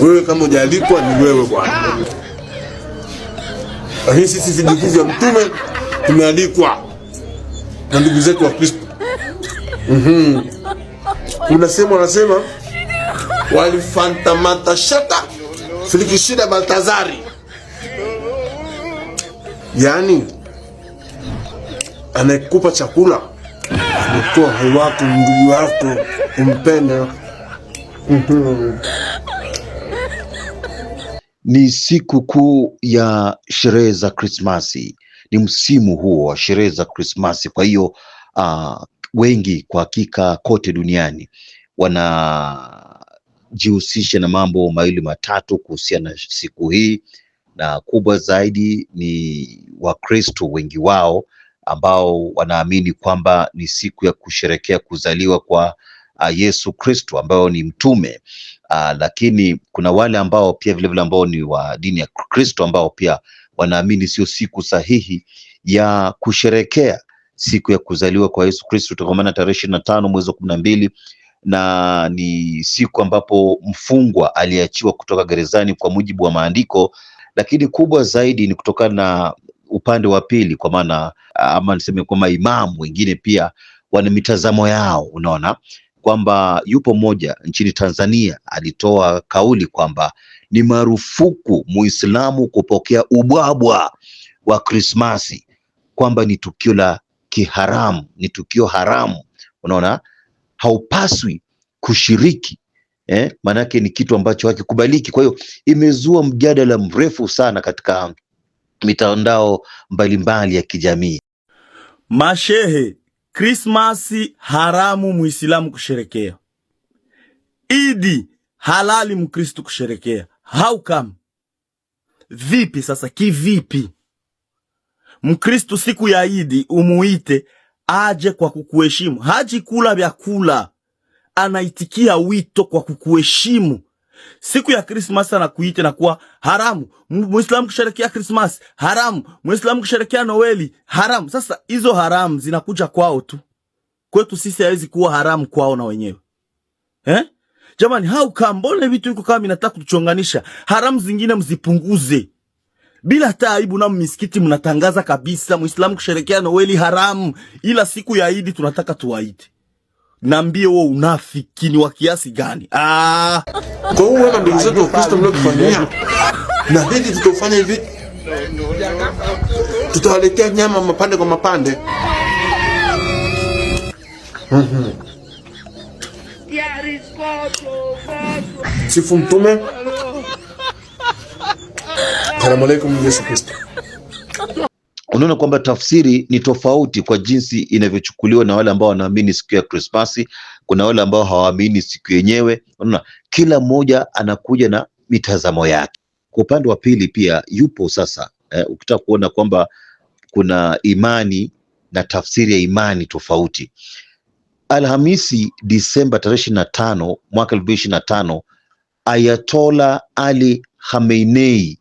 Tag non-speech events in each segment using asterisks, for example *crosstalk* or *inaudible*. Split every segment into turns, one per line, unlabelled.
Wewe kama hujalipwa ni wewe bwana, lakini ah! sisi vijukuu vya Mtume tumealikwa na ndugu zetu wa Kristo. Mhm, kuna sema wanasema walifantamata shata filikishida Baltazari, yaani anayekupa chakula ametoa hai wako, ndugu yako umpende. Mhm.
Ni siku kuu ya sherehe za Krismasi, ni msimu huo wa sherehe za Krismasi. Kwa hiyo uh, wengi kwa hakika kote duniani wanajihusisha na mambo mawili matatu kuhusiana na siku hii, na kubwa zaidi ni Wakristo wengi wao ambao wanaamini kwamba ni siku ya kusherekea kuzaliwa kwa ah, Yesu Kristo ambayo ni mtume Aa, ah, lakini kuna wale ambao pia vilevile ambao ni wa dini ya Kristo ambao pia wanaamini sio siku sahihi ya kusherekea siku ya kuzaliwa kwa Yesu Kristo, utakomana tarehe ishirini na tano mwezi wa kumi na mbili na ni siku ambapo mfungwa aliachiwa kutoka gerezani kwa mujibu wa maandiko, lakini kubwa zaidi ni kutokana na upande wa pili, kwa maana ah, ama niseme kwa maimamu wengine pia wana mitazamo yao, unaona kwamba yupo mmoja nchini Tanzania alitoa kauli kwamba ni marufuku Muislamu kupokea ubwabwa wa Krismasi, kwamba ni tukio la kiharamu, ni tukio haramu. Unaona, haupaswi kushiriki eh, maanake ni kitu ambacho hakikubaliki. Kwa hiyo imezua mjadala mrefu sana katika mitandao mbalimbali ya kijamii.
Mashehe Krismasi haramu muislamu kusherekea, Idi halali mkristu kusherekea. How come? Vipi sasa, kivipi? Mkristu siku ya Idi umuite aje kwa kukuheshimu, haji kula vyakula, anaitikia wito kwa kukuheshimu Siku ya Krismasi anakuita na kuwa haramu. Muislamu kusherekea Krismasi haramu, Muislamu kusherekea Noeli haramu. Sasa hizo haramu zinakuja kwao tu, kwetu sisi hawezi kuwa haramu kwao na wenyewe eh? Jamani, hau kambone vitu iko kama inataka kutuchonganisha. Haramu zingine mzipunguze bila aibu, na misikiti mnatangaza kabisa Muislamu kusherekea Noeli haramu, ila siku ya Idi tunataka tuwaidi Naambie huo unafiki ni wa kiasi gani? Ah,
kwa hiyo wewe ndugu zetu wa Kristo mliokifanyia, *laughs* na hivi tutafanya hivi, tutawaletea nyama mapande kwa mapande. Sifu Mtume. Salamu alaykum Yesu Kristo
wanaona kwamba tafsiri ni tofauti kwa jinsi inavyochukuliwa na wale ambao wanaamini siku ya Krismasi. Kuna wale ambao hawaamini siku yenyewe. Unaona, kila mmoja anakuja na mitazamo yake. Kwa upande wa pili pia yupo sasa, eh, ukitaka kuona kwamba kuna imani na tafsiri ya imani tofauti. Alhamisi Disemba tarehe ishirini na tano mwaka elfu mbili ishirini na tano Ayatola Ali Khamenei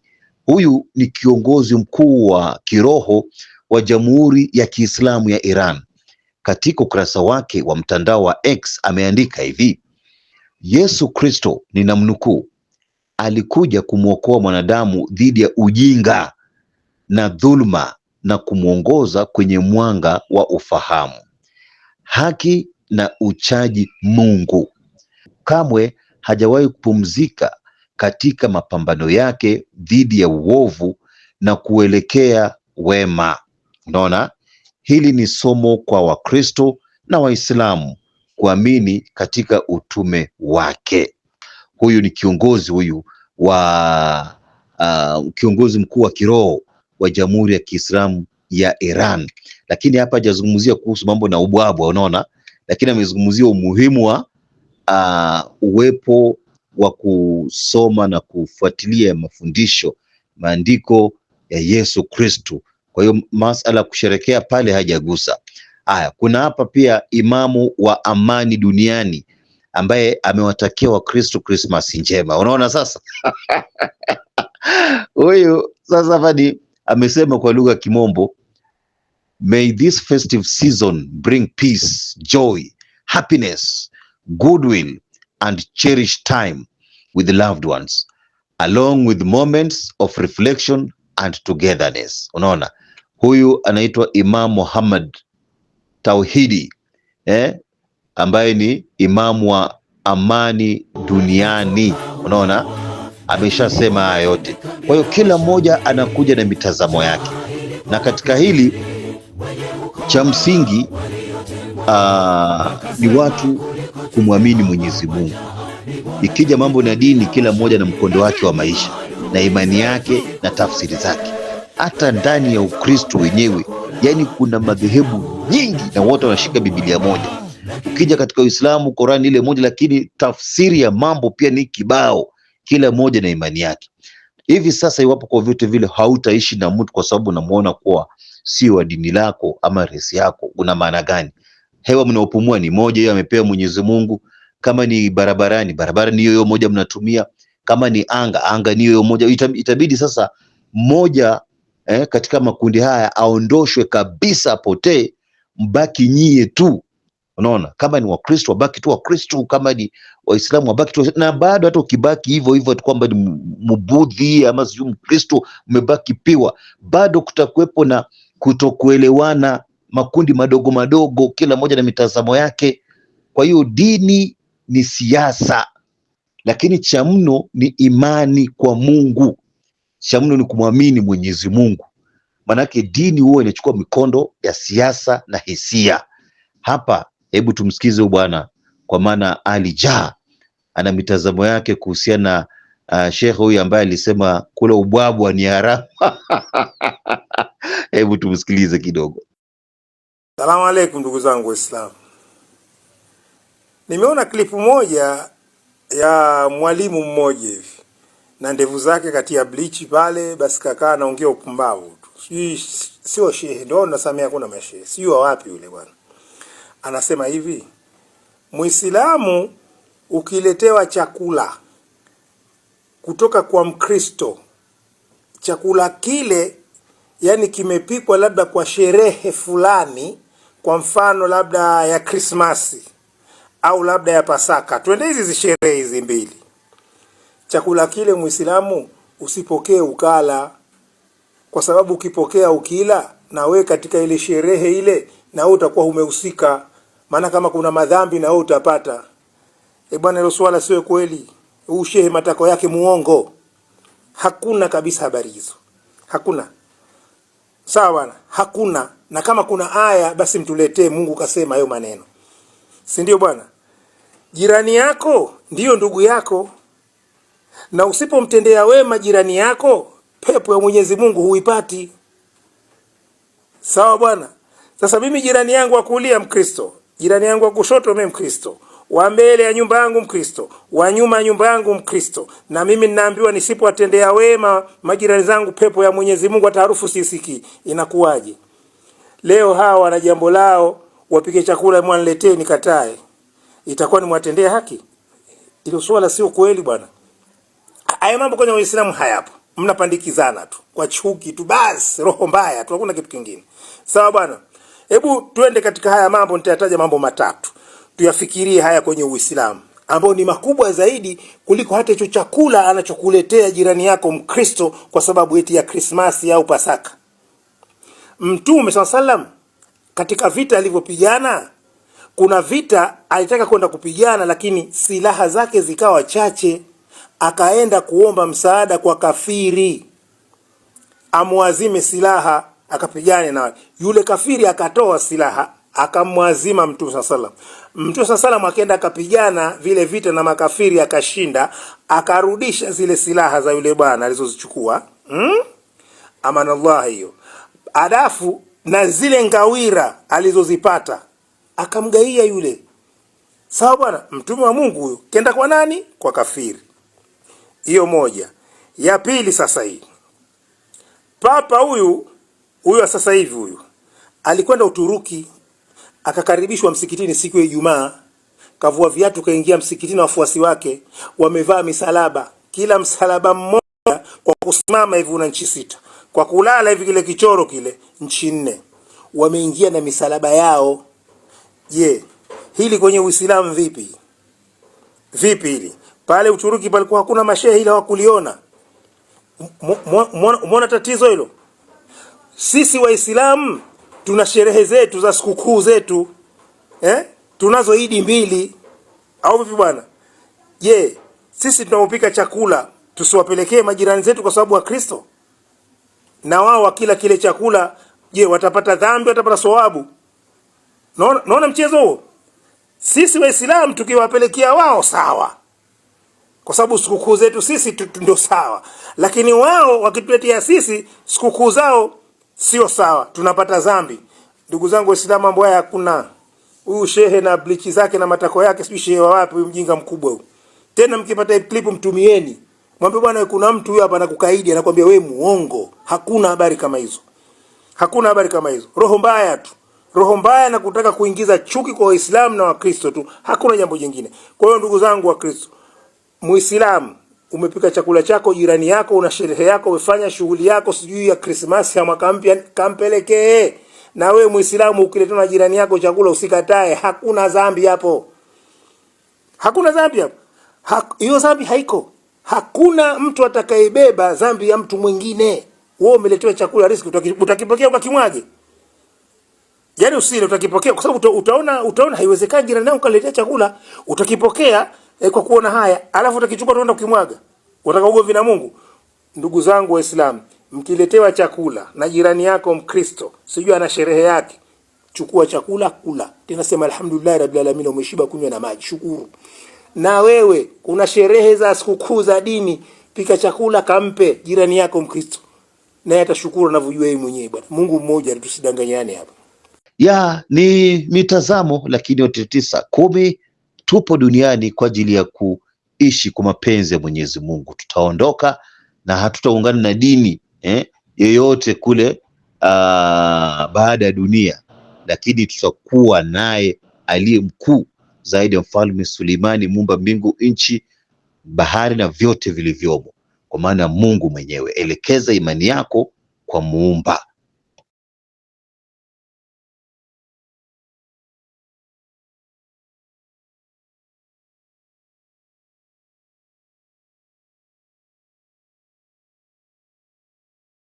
Huyu ni kiongozi mkuu wa kiroho wa Jamhuri ya Kiislamu ya Iran. Katika ukurasa wake wa mtandao wa X ameandika hivi: Yesu Kristo, ninamnukuu, alikuja kumwokoa mwanadamu dhidi ya ujinga na dhuluma na kumwongoza kwenye mwanga wa ufahamu, haki na uchaji Mungu. Kamwe hajawahi kupumzika katika mapambano yake dhidi ya uovu na kuelekea wema. Unaona, hili ni somo kwa Wakristo na Waislamu kuamini katika utume wake. Huyu ni kiongozi huyu wa uh, kiongozi mkuu wa kiroho wa Jamhuri ya Kiislamu ya Iran, lakini hapa hajazungumzia kuhusu mambo na ubwabwa, unaona, lakini amezungumzia umuhimu wa uh, uwepo wa kusoma na kufuatilia mafundisho maandiko ya Yesu Kristu. Kwa hiyo masala kusherekea pale hajagusa. Haya, kuna hapa pia imamu wa amani duniani ambaye amewatakia Wakristu Krismasi njema. Unaona sasa *laughs* huyu sasa fadi amesema kwa lugha kimombo, may this festive season bring peace, joy, happiness, goodwill and cherish time with loved ones along with moments of reflection and togetherness. Unaona, huyu anaitwa Imam Muhammad Tauhidi eh, ambaye ni imamu wa amani duniani. Unaona, ameshasema haya yote. Kwa hiyo kila mmoja anakuja na mitazamo yake, na katika hili cha msingi Ah, ni watu kumwamini Mwenyezi Mungu. Ikija mambo na dini, kila mmoja na mkondo wake wa maisha na imani yake na tafsiri zake. Hata ndani ya Ukristo wenyewe, yani kuna madhehebu nyingi na wote wanashika Biblia moja. Ukija katika Uislamu, Korani ile moja, lakini tafsiri ya mambo pia ni kibao, kila moja na imani yake. Hivi sasa, iwapo kwa vyote vile hautaishi na mtu kwa sababu unamuona kuwa si wa dini lako ama resi yako, una maana gani? hewa mnaopumua ni moja, hiyo amepewa Mwenyezi Mungu. Kama ni barabarani, barabara ni hiyo moja mnatumia. Kama ni anga, anga ni hiyo moja. Itabidi sasa moja eh, katika makundi haya aondoshwe kabisa, apotee, mbaki nyie tu. Unaona, kama ni Wakristo wabaki tu Wakristo, kama ni Waislamu wabaki tu, na bado hata ukibaki hivyo hivyo kwamba ni Mbudhi ama sijui Mkristo, umebaki piwa, bado kutakuwepo na kutokuelewana makundi madogo madogo, kila moja na mitazamo yake. Kwa hiyo dini ni siasa, lakini cha mno ni imani kwa Mungu, cha mno ni kumwamini Mwenyezi Mungu. Manake dini huwa inachukua mikondo ya siasa na hisia. Hapa hebu tumsikize huyu bwana, kwa maana alijaa ana mitazamo yake kuhusiana na uh, shekhe huyu ambaye alisema kula ubwabwa ni haramu. *laughs* Hebu tumsikilize kidogo.
Salamu alaikum ndugu zangu Waislamu, nimeona klipu moja ya mwalimu mmoja hivi na ndevu zake kati ya bleach pale, basi kakaa anaongea upumbavu tu, sijui sio shehe, ndio nasamea, kuna mashehe sio wapi. Yule bwana anasema hivi, Muislamu ukiletewa chakula kutoka kwa Mkristo, chakula kile yani kimepikwa labda kwa sherehe fulani kwa mfano labda ya Krismasi au labda ya Pasaka, twende hizi sherehe hizi mbili, chakula kile Muislamu usipokee ukala, kwa sababu ukipokea ukila, na we katika ile sherehe ile, na wewe utakuwa umehusika, maana kama kuna madhambi na wewe utapata. E bwana, hilo swala sio kweli. Huu shehe matako yake muongo, hakuna kabisa habari hizo, hakuna. Sawa bwana, hakuna. Na kama kuna aya basi mtuletee, Mungu kasema hayo maneno, si ndio bwana? Jirani yako ndiyo ndugu yako, na usipomtendea wema jirani yako pepo ya Mwenyezi Mungu huipati. Sawa bwana. Sasa mimi jirani yangu wa kulia Mkristo, jirani yangu wa kushoto mimi Mkristo wa mbele ya nyumba yangu Mkristo, wa nyuma ya nyumba yangu Mkristo. Na mimi ninaambiwa nisipowatendea wema majirani zangu, pepo ya Mwenyezi Mungu hata harufu sisikii. Inakuwaje leo hawa wana jambo lao, wapike chakula mwaniletee, nikatae, itakuwa nimwatendee haki? Hilo swala sio kweli bwana. Haya mambo kwenye Uislamu hayapo, mnapandikizana tu kwa chuki tu, basi roho mbaya tu, hakuna kitu kingine. Sawa bwana, hebu twende katika haya mambo, nitayataja mambo matatu tuyafikirie haya kwenye Uislamu ambayo ni makubwa zaidi kuliko hata hicho chakula anachokuletea jirani yako Mkristo kwa sababu eti ya Krismasi au Pasaka. Mtume swalla sallam katika vita alivyopigana, kuna vita alitaka kwenda kupigana, lakini silaha zake zikawa chache, akaenda kuomba msaada kwa kafiri amwazime silaha akapigane na yule kafiri, akatoa silaha akamwazima Mtume saa salam. Mtume saa salam akaenda akapigana vile vita na makafiri akashinda, akarudisha zile silaha za yule bwana alizozichukua hmm? Amanallah hiyo adafu na zile ngawira alizozipata akamgaia yule. Sawa bwana, mtume wa Mungu huyo kenda kwa nani? Kwa kafiri. Hiyo moja. Ya pili, sasa hii papa huyu huyu sasa hivi huyu alikwenda Uturuki akakaribishwa msikitini siku ya Ijumaa, kavua viatu, kaingia msikitini na wafuasi wake wamevaa misalaba, kila msalaba mmoja kwa kusimama hivi una nchi sita, kwa kulala hivi kile kichoro kile nchi nne, wameingia na misalaba yao. Je, hili kwenye Uislamu vipi? Vipi hili? Pale Uturuki palikuwa hakuna mashehe, ila wakuliona. Muona tatizo hilo? Sisi Waislamu tuna sherehe zetu za sikukuu zetu eh? Tunazo Idi mbili au vipi bwana? Je, sisi tunapopika chakula tusiwapelekee majirani zetu kwa sababu wa Kristo na wao wakila kile chakula, je, watapata dhambi? Watapata sawabu naona mchezo huo. Sisi Waislamu tukiwapelekea wao sawa, kwa sababu sikukuu zetu sisi ndio sawa, lakini wao wakituletea sisi sikukuu zao sio sawa, tunapata dhambi. Ndugu zangu Waislamu, mambo haya hakuna. Huyu shehe na blichi zake na matako yake, sijui shehe wa wapi, mjinga mkubwa huyu. Tena mkipata clip mtumieni, mwambie bwana, kuna mtu huyu hapa anakukaidi, anakuambia wewe muongo. Hakuna habari kama hizo, hakuna habari kama hizo. Roho mbaya tu, roho mbaya na kutaka kuingiza chuki kwa Waislamu na Wakristo tu, hakuna jambo jingine. Kwa hiyo ndugu zangu Wakristo, Muislamu umepika chakula chako, jirani yako, una sherehe yako, umefanya shughuli yako, sijui ya Krismasi ya mwaka mpya, kampelekee na we Muislamu. Ukiletea na jirani yako chakula usikatae, hakuna zambi hapo, hakuna zambi hapo, hiyo zambi haiko. Hakuna mtu atakayebeba zambi ya mtu mwingine. Wewe umeletewa chakula, riziki, utakipokea ukakimwaje? Yaani usile, utakipokea kwa sababu utaona, utaona haiwezekani jirani yako kaletea chakula utakipokea e, kwa kuona haya, alafu utakichukua tunaenda kukimwaga, unataka ugomvi na Mungu. Ndugu zangu Waislamu, mkiletewa chakula na jirani yako Mkristo, sijui ana sherehe yake, chukua chakula kula, tena sema alhamdulillahi rabbil alamin, umeshiba, kunywa na maji, shukuru. Na wewe kuna sherehe za sikukuu za dini, pika chakula kampe jirani yako Mkristo, naye atashukuru anavyojua yeye mwenyewe. Bwana Mungu mmoja, tusidanganyane hapa.
Ya ni mitazamo, lakini yote tisa kumi Tupo duniani kwa ajili ya kuishi kwa mapenzi ya Mwenyezi Mungu. Tutaondoka na hatutaungana na dini eh, yoyote kule aa, ah, baada ya dunia, lakini tutakuwa naye aliye mkuu zaidi ya mfalme Suleimani, muumba mbingu, nchi, bahari na vyote vilivyomo, kwa maana Mungu mwenyewe. Elekeza imani yako kwa muumba.